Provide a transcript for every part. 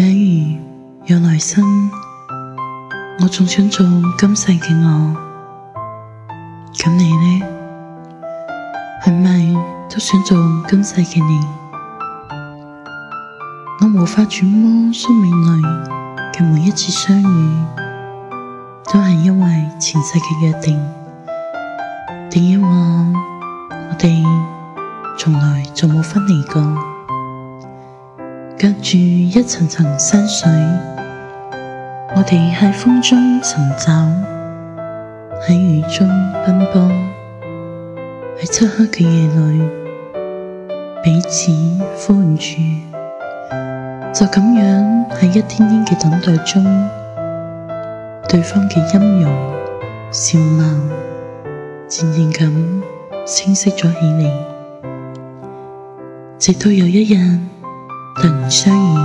假如有來生，我仲想做今世嘅我，咁你呢？係咪都想做今世嘅你？我無法揣摩宿命裏嘅每一次相遇，都係因為前世嘅約定，定一話我哋從來就冇分離過。隔住一層層山水，我哋喺風中尋找，喺雨中奔波，喺漆黑嘅夜裏彼此呼喚住，就咁樣喺一天天嘅等待中，對方嘅音容笑貌，漸漸咁清晰咗起嚟，直到有一日。突然相遇，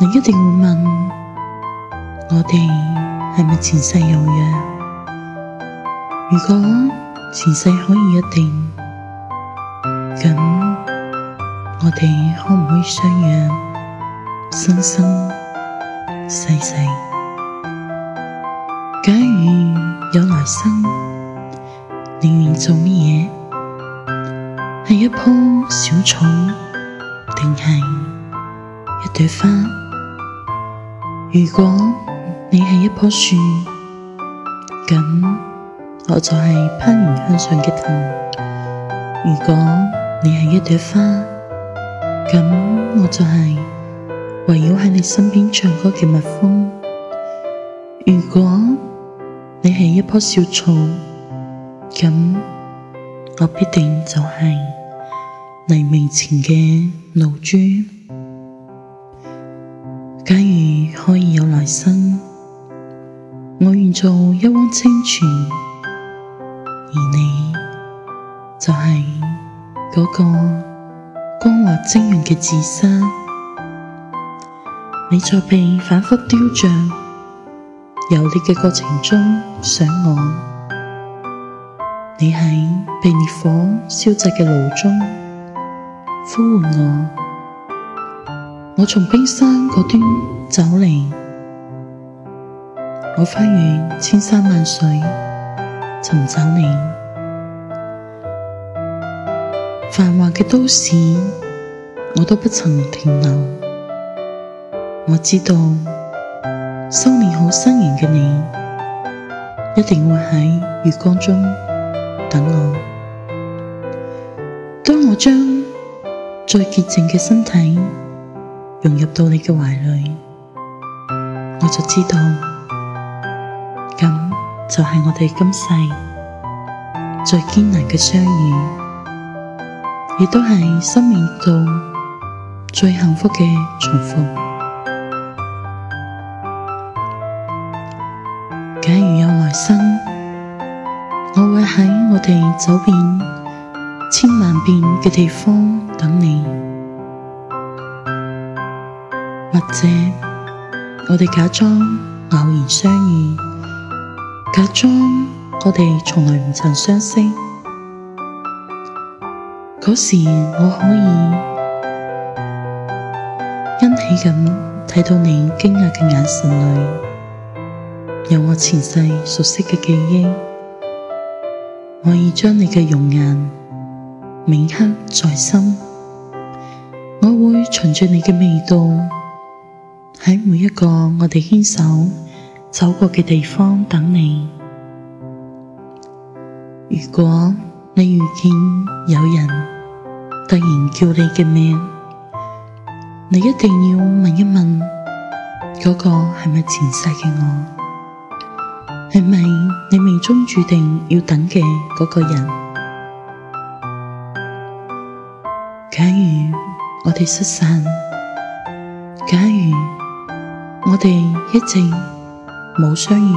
你一定會問我哋係咪前世有約？如果前世可以約定，咁我哋可唔可以相約，生生世世。假如有來生，你願做乜嘢？係一樖小草。係一朵花，如果你係一棵樹，咁我就係攀援向上嘅藤；如果你係一朵花，咁我就係圍繞喺你身邊唱歌嘅蜜蜂；如果你係一棵小草，咁我必定就係、是。黎明前嘅露珠，假如可以有來生，我願做一汪清泉，而你就係、是、嗰個光滑晶瑩嘅紫砂。你在被反復雕琢揉捏嘅過程中想我，你喺被烈火燒製嘅爐中。呼喚我，我從冰山嗰端走嚟，我翻越千山萬水尋找你，繁華嘅都市我都不曾停留。我知道，修煉好身形嘅你，一定會喺月光中等我。當我將。最潔淨嘅身體融入到你嘅懷裏，我就知道，咁就係我哋今世最艱難嘅相遇，亦都係生命中最幸福嘅重複。假如有來生，我會喺我哋走遍千萬遍嘅地方。等你，或者我哋假裝偶然相遇，假裝我哋從來唔曾相識。嗰時我可以欣喜咁睇到你驚訝嘅眼神裏，有我前世熟悉嘅記憶，我已將你嘅容顏銘刻在心。我會循着你嘅味道，喺每一個我哋牽手走過嘅地方等你。如果你遇見有人突然叫你嘅名，你一定要問一問，嗰個係咪前世嘅我，係咪你命中注定要等嘅嗰個人？失散。假如我哋一直冇相遇，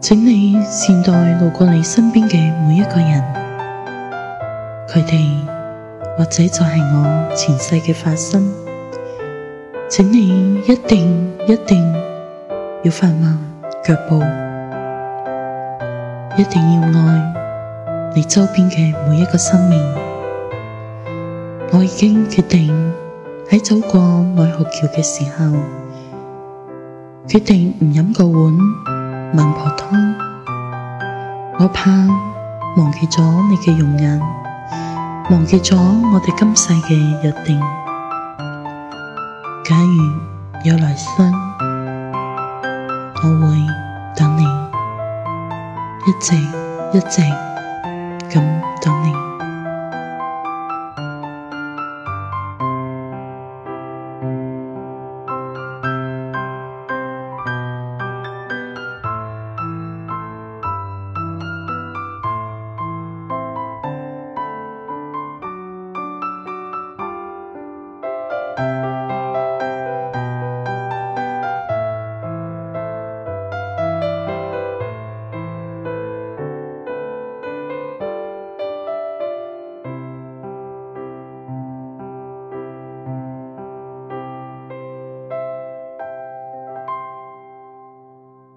請你善待路過你身邊嘅每一個人，佢哋或者就係我前世嘅化身。請你一定一定要放慢腳步，一定要愛你周邊嘅每一個生命。我已經決定喺走過奈何橋嘅時候，決定唔飲個碗孟婆湯。我怕忘記咗你嘅容顏，忘記咗我哋今世嘅約定。假如有來生，我會等你，一直一直咁等你。